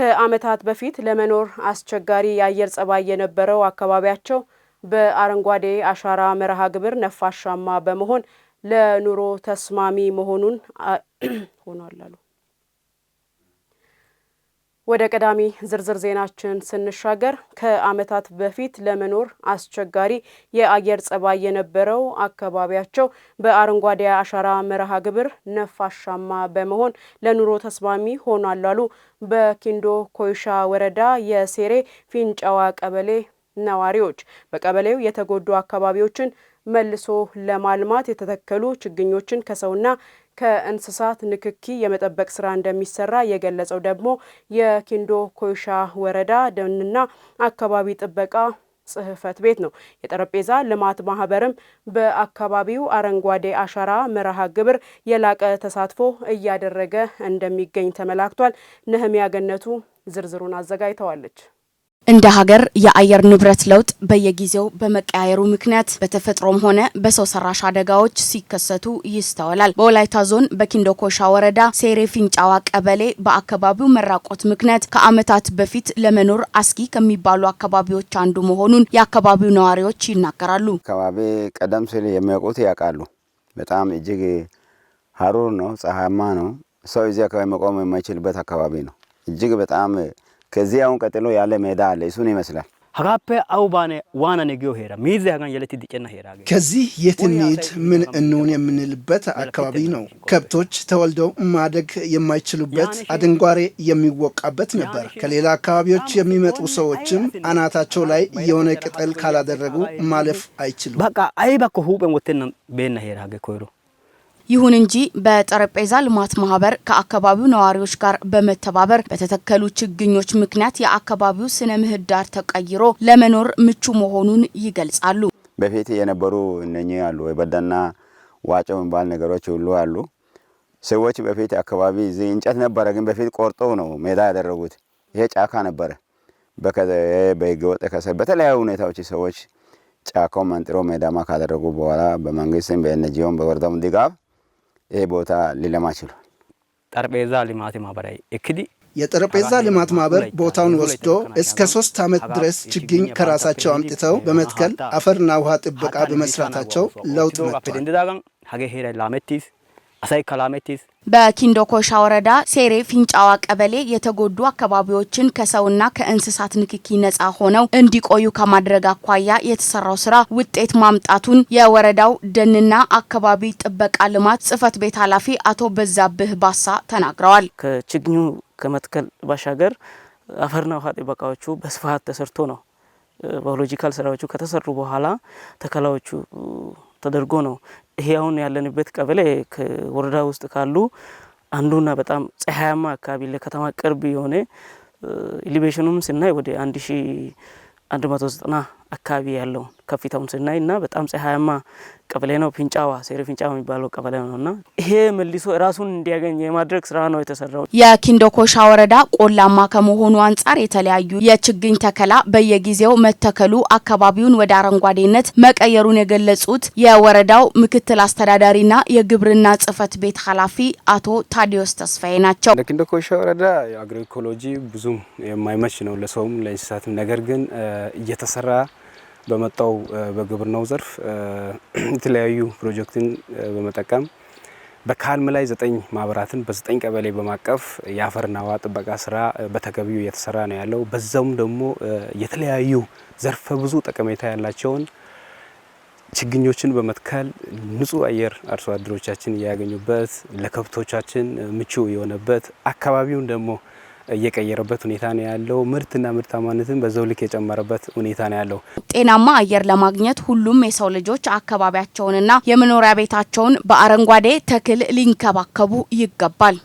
ከዓመታት በፊት ለመኖር አስቸጋሪ የአየር ጸባይ የነበረው አካባቢያቸው በአረንጓዴ አሻራ መርሃ ግብር ነፋሻማ በመሆን ለኑሮ ተስማሚ መሆኑን ሆኗል አሉ። ወደ ቀዳሚ ዝርዝር ዜናችን ስንሻገር ከዓመታት በፊት ለመኖር አስቸጋሪ የአየር ጸባይ የነበረው አካባቢያቸው በአረንጓዴ አሻራ መርሃ ግብር ነፋሻማ በመሆን ለኑሮ ተስማሚ ሆኗል አሉ በኪንዶ ኮይሻ ወረዳ የሴሬ ፊንጫዋ ቀበሌ ነዋሪዎች። በቀበሌው የተጎዱ አካባቢዎችን መልሶ ለማልማት የተተከሉ ችግኞችን ከሰውና ከእንስሳት ንክኪ የመጠበቅ ስራ እንደሚሰራ የገለጸው ደግሞ የኪንዶ ኮይሻ ወረዳ ደንና አካባቢ ጥበቃ ጽህፈት ቤት ነው። የጠረጴዛ ልማት ማህበርም በአካባቢው አረንጓዴ አሻራ መርሃ ግብር የላቀ ተሳትፎ እያደረገ እንደሚገኝ ተመላክቷል። ነህሚያ ገነቱ ዝርዝሩን አዘጋጅተዋለች። እንደ ሀገር የአየር ንብረት ለውጥ በየጊዜው በመቀያየሩ ምክንያት በተፈጥሮም ሆነ በሰው ሰራሽ አደጋዎች ሲከሰቱ ይስተዋላል። በወላይታ ዞን በኪንዶ ኮሻ ወረዳ ሴሬ ፊንጫዋ ቀበሌ በአካባቢው መራቆት ምክንያት ከዓመታት በፊት ለመኖር አስጊ ከሚባሉ አካባቢዎች አንዱ መሆኑን የአካባቢው ነዋሪዎች ይናገራሉ። አካባቢ ቀደም ሲል የሚያውቁት ያውቃሉ። በጣም እጅግ ሀሩር ነው፣ ፀሐያማ ነው። ሰው እዚህ አካባቢ መቆም የማይችልበት አካባቢ ነው። እጅግ በጣም ከዚህ አሁን ቀጥሎ ያለ ሜዳ አለ። እሱን ይመስላል። ሀጋፐ አውባነ ዋና ነጊዮ ሄራ ሚዝ ያጋን የለት ዲጨና ሄራ ከዚህ የት እንሂድ ምን እንሁን የምንልበት አካባቢ ነው። ከብቶች ተወልደው ማደግ የማይችሉበት አድንጓሬ የሚወቃበት ነበር። ከሌላ አካባቢዎች የሚመጡ ሰዎችም አናታቸው ላይ የሆነ ቅጠል ካላደረጉ ማለፍ አይችሉም። በቃ አይ በኮ ሁበን ወተና ቤና ሄራ ገኮይሮ ይሁን እንጂ በጠረጴዛ ልማት ማህበር ከአካባቢው ነዋሪዎች ጋር በመተባበር በተተከሉ ችግኞች ምክንያት የአካባቢው ስነ ምህዳር ተቀይሮ ለመኖር ምቹ መሆኑን ይገልጻሉ። በፊት የነበሩ እነኚህ አሉ ወይበዳና ዋጮ የሚባል ነገሮች ሁሉ አሉ። ሰዎች በፊት አካባቢ እዚህ እንጨት ነበረ፣ ግን በፊት ቆርጦ ነው ሜዳ ያደረጉት። ይሄ ጫካ ነበረ። በህገወጥ ከሰል በተለያዩ ሁኔታዎች ሰዎች ጫካውን መንጥሮ ሜዳማ ካደረጉ በኋላ በመንግስትም በኤንጂኦም በወረዳም ድጋፍ ይሄ ቦታ ሊለማ ችሏል። ጠረጴዛ ልማት ማህበራዊ እክድ የጠረጴዛ ልማት ማህበር ቦታውን ወስዶ እስከ ሶስት ዓመት ድረስ ችግኝ ከራሳቸው አምጥተው በመትከል አፈርና ውሃ ጥበቃ በመስራታቸው ለውጥ መጥቷል። በኪንዶ በኪንዶኮሻ ወረዳ ሴሬ ፊንጫዋ ቀበሌ የተጎዱ አካባቢዎችን ከሰውና ከእንስሳት ንክኪ ነጻ ሆነው እንዲቆዩ ከማድረግ አኳያ የተሰራው ስራ ውጤት ማምጣቱን የወረዳው ደንና አካባቢ ጥበቃ ልማት ጽህፈት ቤት ኃላፊ አቶ በዛብህ ባሳ ተናግረዋል። ከችግኙ ከመትከል ባሻገር አፈርና ውሃ ጥበቃዎቹ በስፋት ተሰርቶ ነው። ባዮሎጂካል ስራዎቹ ከተሰሩ በኋላ ተከላዎቹ ተደርጎ ነው ይሄ አሁን ያለንበት ቀበሌ ከወረዳ ውስጥ ካሉ አንዱና በጣም ፀሐያማ አካባቢ ለከተማ ቅርብ የሆነ ኢሊቬሽኑም ስናይ ወደ አንድ ሺ አንድ መቶ ዘጠና አካባቢ ያለውን ከፍታውን ስናይ እና በጣም ፀሐያማ ቀበሌ ነው። ፊንጫዋ ሴሪ ፊንጫ የሚባለው ቀበሌ ነው እና ይሄ መልሶ ራሱን እንዲያገኝ የማድረግ ስራ ነው የተሰራው። የኪንዶኮሻ ወረዳ ቆላማ ከመሆኑ አንጻር የተለያዩ የችግኝ ተከላ በየጊዜው መተከሉ አካባቢውን ወደ አረንጓዴነት መቀየሩን የገለጹት የወረዳው ምክትል አስተዳዳሪና የግብርና ጽህፈት ቤት ኃላፊ አቶ ታዲዮስ ተስፋዬ ናቸው። ለኪንዶኮሻ ወረዳ አግሮ ኢኮሎጂ ብዙም የማይመች ነው ለሰውም ለእንስሳትም። ነገር ግን እየተሰራ በመጣው በግብርናው ዘርፍ የተለያዩ ፕሮጀክትን በመጠቀም በካልም ላይ ዘጠኝ ማህበራትን በዘጠኝ ቀበሌ በማቀፍ የአፈርና ውሃ ጥበቃ ስራ በተገቢው እየተሰራ ነው ያለው። በዛውም ደግሞ የተለያዩ ዘርፈ ብዙ ጠቀሜታ ያላቸውን ችግኞችን በመትከል ንጹህ አየር አርሶ አደሮቻችን እያገኙበት፣ ለከብቶቻችን ምቹ የሆነበት አካባቢውን ደግሞ እየቀየረበት ሁኔታ ነው ያለው። ምርትና ምርታማነትን በዛው ልክ የጨመረበት ሁኔታ ነው ያለው። ጤናማ አየር ለማግኘት ሁሉም የሰው ልጆች አካባቢያቸውንና የመኖሪያ ቤታቸውን በአረንጓዴ ተክል ሊንከባከቡ ይገባል።